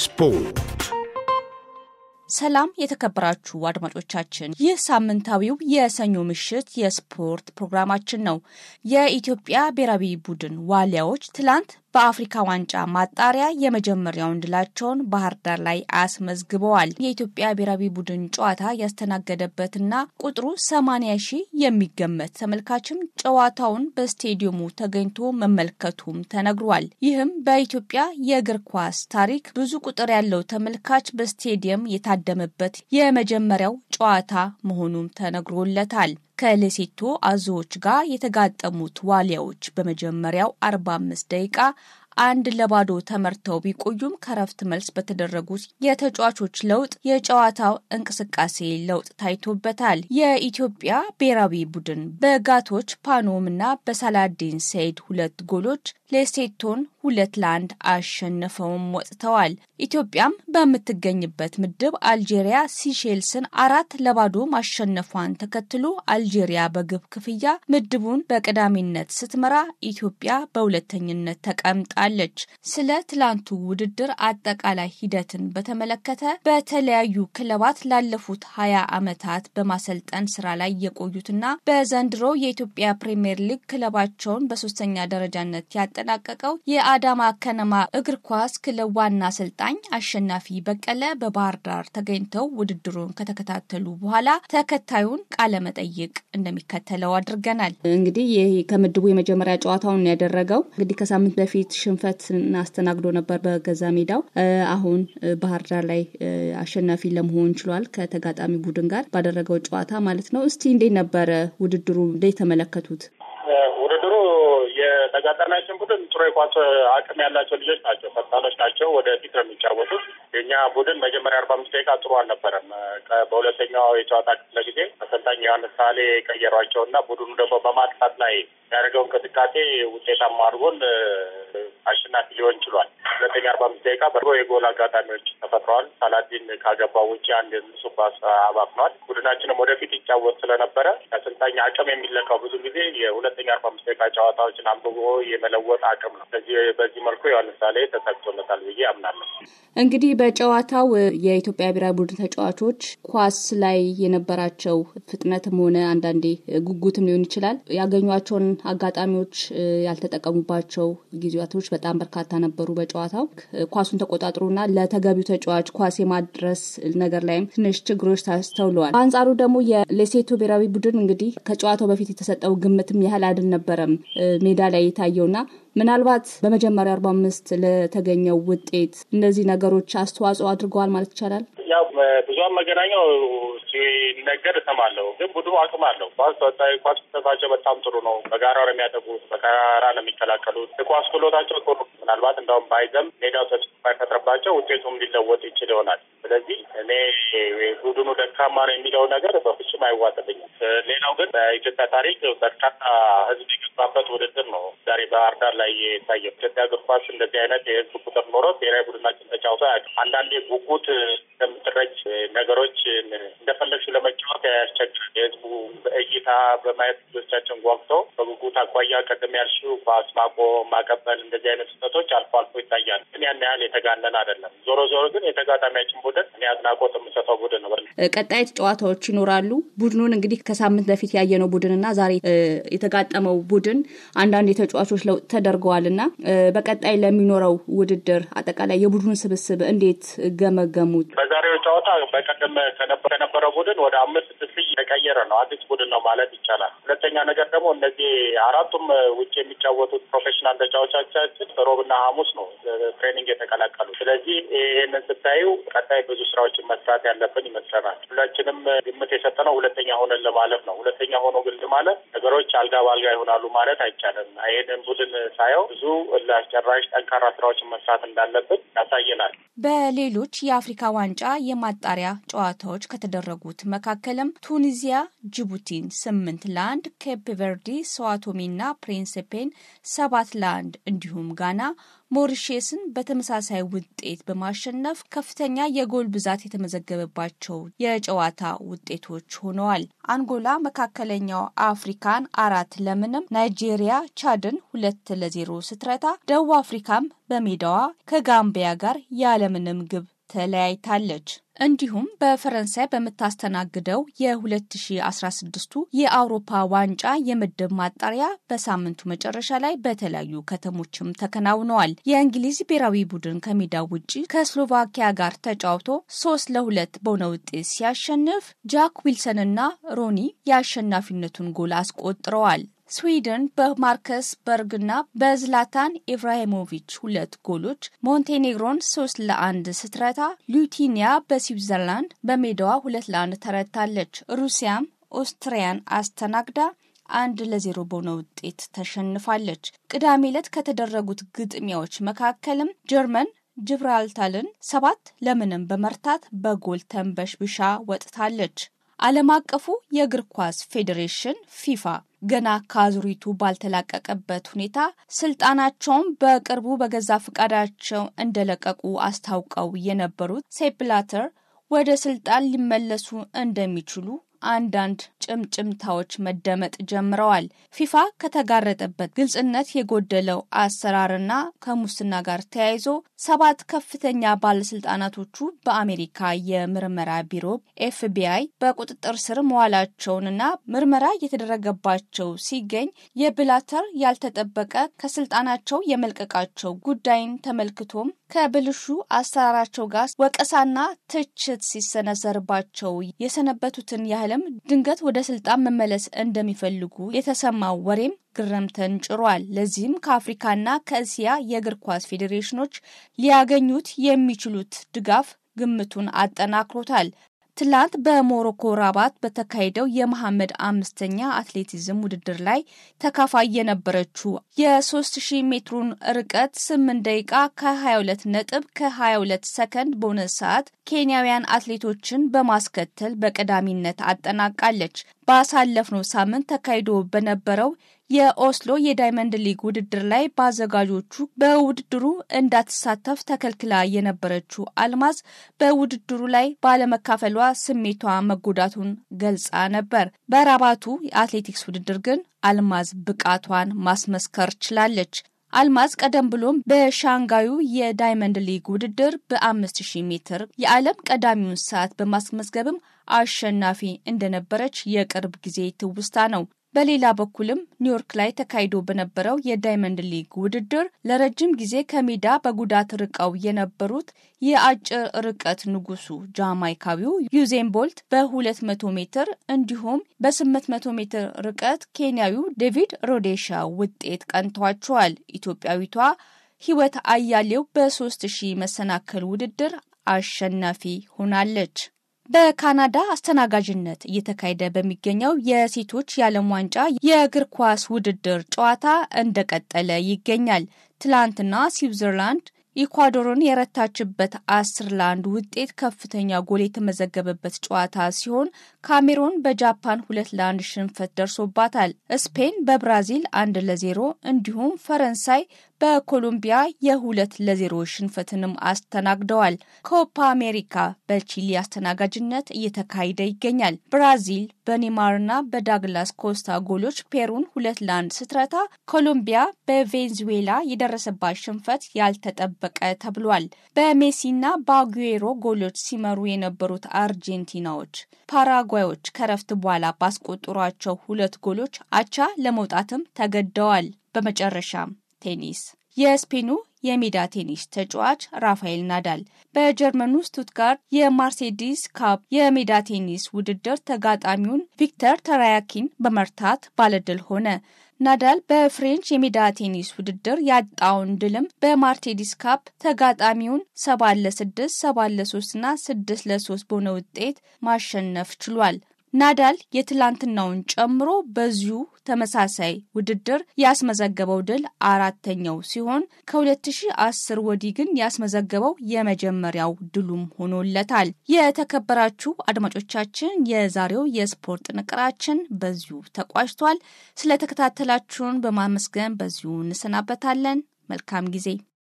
ስፖርት። ሰላም የተከበራችሁ አድማጮቻችን፣ ይህ ሳምንታዊው የሰኞ ምሽት የስፖርት ፕሮግራማችን ነው። የኢትዮጵያ ብሔራዊ ቡድን ዋሊያዎች ትላንት በአፍሪካ ዋንጫ ማጣሪያ የመጀመሪያውን ድላቸውን ባህር ዳር ላይ አስመዝግበዋል። የኢትዮጵያ ብሔራዊ ቡድን ጨዋታ ያስተናገደበትና ቁጥሩ ሰማንያ ሺህ የሚገመት ተመልካችም ጨዋታውን በስቴዲየሙ ተገኝቶ መመልከቱም ተነግሯል። ይህም በኢትዮጵያ የእግር ኳስ ታሪክ ብዙ ቁጥር ያለው ተመልካች በስቴዲየም የታደመበት የመጀመሪያው ጨዋታ መሆኑም ተነግሮለታል። ከሌሴቶ አዞዎች ጋር የተጋጠሙት ዋሊያዎች በመጀመሪያው 45 ደቂቃ አንድ ለባዶ ተመርተው ቢቆዩም ከረፍት መልስ በተደረጉት የተጫዋቾች ለውጥ የጨዋታው እንቅስቃሴ ለውጥ ታይቶበታል። የኢትዮጵያ ብሔራዊ ቡድን በጋቶች ፓኖምና በሳላዲን ሰይድ ሁለት ጎሎች ሌሴቶን ሁለት ለአንድ አሸንፈውም ወጥተዋል። ኢትዮጵያም በምትገኝበት ምድብ አልጄሪያ ሲሼልስን አራት ለባዶ ማሸነፏን ተከትሎ አልጄሪያ በግብ ክፍያ ምድቡን በቀዳሚነት ስትመራ፣ ኢትዮጵያ በሁለተኝነት ተቀምጣለች። ስለ ትላንቱ ውድድር አጠቃላይ ሂደትን በተመለከተ በተለያዩ ክለባት ላለፉት ሀያ ዓመታት በማሰልጠን ስራ ላይ የቆዩትና በዘንድሮ የኢትዮጵያ ፕሪምየር ሊግ ክለባቸውን በሶስተኛ ደረጃነት ያጠናቀቀው የ የአዳማ ከነማ እግር ኳስ ክለብ ዋና አሰልጣኝ አሸናፊ በቀለ በባህር ዳር ተገኝተው ውድድሩን ከተከታተሉ በኋላ ተከታዩን ቃለ መጠይቅ እንደሚከተለው አድርገናል። እንግዲህ ይህ ከምድቡ የመጀመሪያ ጨዋታውን ያደረገው እንግዲህ ከሳምንት በፊት ሽንፈት አስተናግዶ ነበር በገዛ ሜዳው። አሁን ባህር ዳር ላይ አሸናፊ ለመሆን ችሏል ከተጋጣሚ ቡድን ጋር ባደረገው ጨዋታ ማለት ነው። እስቲ እንዴት ነበረ ውድድሩ? እንዴት ተመለከቱት? ተጋጣሚያችን ቡድን ጥሩ የኳስ አቅም ያላቸው ልጆች ናቸው፣ ፈጣኖች ናቸው። ወደፊት ነው የሚጫወቱት። የእኛ ቡድን መጀመሪያ አርባ አምስት ደቂቃ ጥሩ አልነበረም። በሁለተኛው የጨዋታ ክፍለ ጊዜ አሰልጣኝ ዮሐንስ ሳሌ ቀየሯቸው እና ቡድኑ ደግሞ በማጥፋት ላይ ያደረገው እንቅስቃሴ ውጤታማ አድርጎን አሸናፊ ሊሆን ችሏል። ሁለተኛ አርባ አምስት ደቂቃ በሮ የጎል አጋጣሚዎች ተፈጥረዋል። ሳላዲን ካገባ ውጭ አንድ ሱፓስ አባክኗል። ቡድናችንም ወደፊት ይጫወት ስለነበረ ከአሰልጣኝ አቅም የሚለካው ብዙ ጊዜ የሁለተኛ አርባ አምስት ደቂቃ ጨዋታዎችን አንብቦ የመለወጥ አቅም ነው። ስለዚህ በዚህ መልኩ ዮሐንስ ሳሌ ተሳክቶለታል ብዬ አምናለሁ። እንግዲህ በጨዋታው የኢትዮጵያ ብሔራዊ ቡድን ተጫዋቾች ኳስ ላይ የነበራቸው ፍጥነትም ሆነ አንዳንዴ ጉጉትም ሊሆን ይችላል ያገኟቸውን አጋጣሚዎች ያልተጠቀሙባቸው ጊዜያቶች በጣም በርካታ ነበሩ በጨዋ ጨዋታው ኳሱን ተቆጣጥሮና ለተገቢው ተጫዋች ኳስ የማድረስ ነገር ላይም ትንሽ ችግሮች ታስተውለዋል። በአንጻሩ ደግሞ የሌሴቶ ብሔራዊ ቡድን እንግዲህ ከጨዋታው በፊት የተሰጠው ግምትም ያህል አልነበረም ሜዳ ላይ የታየውና ምናልባት በመጀመሪያ አርባ አምስት ለተገኘው ውጤት እነዚህ ነገሮች አስተዋጽኦ አድርገዋል ማለት ይቻላል። ብዙሀን መገናኛው ሲነገር እሰማለሁ። ግን ቡድኑ አቅም አለው። ኳስ ኳስ ተሳቸው በጣም ጥሩ ነው። በጋራ ነው የሚያጠቁት፣ በጋራ ነው የሚከላከሉት። የኳስ ክህሎታቸው ጥሩ ምናልባት እንዳውም ባይዘም ሜዳው ተስ ባይፈጥርባቸው ውጤቱም ሊለወጥ ይችል ይሆናል። ስለዚህ እኔ ቡድኑ ደካማ ነው የሚለው ነገር በፍጹም አይዋጥልኝም። ሌላው ግን በኢትዮጵያ ታሪክ በርካታ ህዝብ የገባበት ውድድር ነው ዛሬ ባህር ዳር ላይ የታየው። ኢትዮጵያ እግር ኳስ እንደዚህ አይነት የህዝብ ቁጥር ኖሮት ብሔራዊ ቡድናቸው ተጫውቶ አያውቅም። አንዳንዴ ጉጉት እንደምትረጭ ነገሮች እንደፈለግሽ ለመጫ ማወቂያዎቻቸው የህዝቡ በእይታ በማየት ልጆቻችን ጓጉተው በጉጉት አኳያ ቅድም ያልሽው በአስማቆ ማቀበል እንደዚህ አይነት ስህተቶች አልፎ አልፎ ይታያል። ግን ያን ያህል የተጋነን አይደለም። ዞሮ ዞሮ ግን የተጋጣሚያችን ቡድን እኔ አድናቆት የምሰጠው ቡድን ነው። ቀጣይ ጨዋታዎች ይኖራሉ። ቡድኑን እንግዲህ ከሳምንት በፊት ያየነው ቡድንና ዛሬ የተጋጠመው ቡድን አንዳንድ የተጫዋቾች ለውጥ ተደርገዋል እና በቀጣይ ለሚኖረው ውድድር አጠቃላይ የቡድኑን ስብስብ እንዴት ገመገሙት? በዛ ጨዋታ በቀደም ከነበረ ቡድን ወደ አምስት ስድስት የተቀየረ ነው። አዲስ ቡድን ነው ማለት ይቻላል። ሁለተኛ ነገር ደግሞ እነዚህ አራቱም ውጭ የሚጫወቱት ፕሮፌሽናል ተጫዋቾቻችን ሮብና ሐሙስ ነው ትሬኒንግ የተቀላቀሉ። ስለዚህ ይህንን ስታዩ ቀጣይ ብዙ ስራዎችን መስራት ያለብን ይመስለናል። ሁላችንም ግምት የሰጠነው ሁለተኛ ሆነን ለማለፍ ነው። ሁለተኛ ሆኖ ግን ማለት ነገሮች አልጋ በአልጋ ይሆናሉ ማለት አይቻልም። ይሄንን ቡድን ሳየው ብዙ አስጨራሽ ጠንካራ ስራዎችን መስራት እንዳለብን ያሳየናል። በሌሎች የአፍሪካ ዋንጫ የማጣሪያ ጨዋታዎች ከተደረጉት መካከልም ቱኒዚያ ጅቡቲን ስምንት ለአንድ፣ ኬፕ ቨርዲ ሰዋቶሚና ፕሪንስፔን ሰባት ለአንድ እንዲሁም ጋና ሞሪሼስን በተመሳሳይ ውጤት በማሸነፍ ከፍተኛ የጎል ብዛት የተመዘገበባቸው የጨዋታ ውጤቶች ሆነዋል። አንጎላ መካከለኛው አፍሪካን አራት ለምንም፣ ናይጄሪያ ቻድን ሁለት ለዜሮ ስትረታ፣ ደቡብ አፍሪካም በሜዳዋ ከጋምቢያ ጋር ያለምንም ግብ ተለያይታለች። እንዲሁም በፈረንሳይ በምታስተናግደው የ2016ቱ የአውሮፓ ዋንጫ የምድብ ማጣሪያ በሳምንቱ መጨረሻ ላይ በተለያዩ ከተሞችም ተከናውነዋል። የእንግሊዝ ብሔራዊ ቡድን ከሜዳው ውጪ ከስሎቫኪያ ጋር ተጫውቶ ሶስት ለሁለት በሆነ ውጤት ሲያሸንፍ ጃክ ዊልሰንና ሮኒ የአሸናፊነቱን ጎል አስቆጥረዋል። ስዊድን በማርከስ በርግና በዝላታን ኢብራሂሞቪች ሁለት ጎሎች ሞንቴኔግሮን ሶስት ለአንድ ስትረታ፣ ሉቲኒያ በሲ ስዊትዘርላንድ በሜዳዋ ሁለት ለአንድ ተረታለች። ሩሲያም ኦስትሪያን አስተናግዳ አንድ ለዜሮ በሆነ ውጤት ተሸንፋለች። ቅዳሜ ዕለት ከተደረጉት ግጥሚያዎች መካከልም ጀርመን ጅብራልታልን ሰባት ለምንም በመርታት በጎል ተንበሽብሻ ወጥታለች። ዓለም አቀፉ የእግር ኳስ ፌዴሬሽን ፊፋ ገና ከአዙሪቱ ባልተላቀቀበት ሁኔታ ስልጣናቸውን በቅርቡ በገዛ ፈቃዳቸው እንደለቀቁ አስታውቀው የነበሩት ሴፕላተር። ወደ ስልጣን ሊመለሱ እንደሚችሉ አንዳንድ ጭምጭምታዎች መደመጥ ጀምረዋል። ፊፋ ከተጋረጠበት ግልጽነት የጎደለው አሰራርና ከሙስና ጋር ተያይዞ ሰባት ከፍተኛ ባለስልጣናቶቹ በአሜሪካ የምርመራ ቢሮ ኤፍቢአይ በቁጥጥር ስር መዋላቸውንና ምርመራ የተደረገባቸው ሲገኝ የብላተር ያልተጠበቀ ከስልጣናቸው የመልቀቃቸው ጉዳይን ተመልክቶም ከብልሹ አሰራራቸው ጋር ወቀሳና ትችት ሲሰነዘርባቸው የሰነበቱትን ያህልም ድንገት ወደ ስልጣን መመለስ እንደሚፈልጉ የተሰማው ወሬም ግርምትን ጭሯል። ለዚህም ከአፍሪካና ከእስያ የእግር ኳስ ፌዴሬሽኖች ሊያገኙት የሚችሉት ድጋፍ ግምቱን አጠናክሮታል። ትላንት በሞሮኮ ራባት በተካሄደው የመሐመድ አምስተኛ አትሌቲዝም ውድድር ላይ ተካፋይ የነበረችው የ3000 ሜትሩን ርቀት 8 ደቂቃ ከ22 ነጥብ ከ22 ሰከንድ በሆነ ሰዓት ኬንያውያን አትሌቶችን በማስከተል በቀዳሚነት አጠናቃለች። ባሳለፍነው ሳምንት ተካሂዶ በነበረው የኦስሎ የዳይመንድ ሊግ ውድድር ላይ በአዘጋጆቹ በውድድሩ እንዳትሳተፍ ተከልክላ የነበረችው አልማዝ በውድድሩ ላይ ባለመካፈሏ ስሜቷ መጎዳቱን ገልጻ ነበር። በራባቱ የአትሌቲክስ ውድድር ግን አልማዝ ብቃቷን ማስመስከር ችላለች። አልማዝ ቀደም ብሎም በሻንጋዩ የዳይመንድ ሊግ ውድድር በ5000 ሜትር የዓለም ቀዳሚውን ሰዓት በማስመዝገብም አሸናፊ እንደነበረች የቅርብ ጊዜ ትውስታ ነው። በሌላ በኩልም ኒውዮርክ ላይ ተካሂዶ በነበረው የዳይመንድ ሊግ ውድድር ለረጅም ጊዜ ከሜዳ በጉዳት ርቀው የነበሩት የአጭር ርቀት ንጉሱ ጃማይካዊው ዩዜን ቦልት በ200 ሜትር እንዲሁም በ800 ሜትር ርቀት ኬንያዊው ዴቪድ ሮዴሻ ውጤት ቀንቷቸዋል። ኢትዮጵያዊቷ ሕይወት አያሌው በ3000 መሰናክል ውድድር አሸናፊ ሆናለች። በካናዳ አስተናጋጅነት እየተካሄደ በሚገኘው የሴቶች የዓለም ዋንጫ የእግር ኳስ ውድድር ጨዋታ እንደቀጠለ ይገኛል። ትላንትና ስዊዘርላንድ ኢኳዶርን የረታችበት አስር ለአንድ ውጤት ከፍተኛ ጎል የተመዘገበበት ጨዋታ ሲሆን ካሜሮን በጃፓን ሁለት ለአንድ ሽንፈት ደርሶባታል። ስፔን በብራዚል አንድ ለዜሮ እንዲሁም ፈረንሳይ በኮሎምቢያ የሁለት ለዜሮ ሽንፈትንም አስተናግደዋል። ኮፓ አሜሪካ በቺሊ አስተናጋጅነት እየተካሄደ ይገኛል። ብራዚል በኔማርና በዳግላስ ኮስታ ጎሎች ፔሩን ሁለት ለአንድ ስትረታ፣ ኮሎምቢያ በቬንዙዌላ የደረሰባት ሽንፈት ያልተጠበቀ ተብሏል። በሜሲና በአጉዌሮ ጎሎች ሲመሩ የነበሩት አርጀንቲናዎች ፓራ ፓራጓዮች ከረፍት በኋላ ባስቆጠሯቸው ሁለት ጎሎች አቻ ለመውጣትም ተገደዋል። በመጨረሻም ቴኒስ የስፔኑ የሜዳ ቴኒስ ተጫዋች ራፋኤል ናዳል በጀርመኑ ስቱትጋርት የማርሴዲስ ካፕ የሜዳ ቴኒስ ውድድር ተጋጣሚውን ቪክተር ተራያኪን በመርታት ባለድል ሆነ። ናዳል በፍሬንች የሜዳ ቴኒስ ውድድር ያጣውን ድልም በማርቴዲስ ካፕ ተጋጣሚውን ሰባት ለስድስት ሰባት ለሶስት ና ስድስት ለሶስት በሆነ ውጤት ማሸነፍ ችሏል። ናዳል የትላንትናውን ጨምሮ በዚሁ ተመሳሳይ ውድድር ያስመዘገበው ድል አራተኛው ሲሆን ከ2010 ወዲህ ግን ያስመዘገበው የመጀመሪያው ድሉም ሆኖለታል። የተከበራችሁ አድማጮቻችን የዛሬው የስፖርት ንቅራችን በዚሁ ተቋጭቷል። ስለተከታተላችሁን በማመስገን በዚሁ እንሰናበታለን። መልካም ጊዜ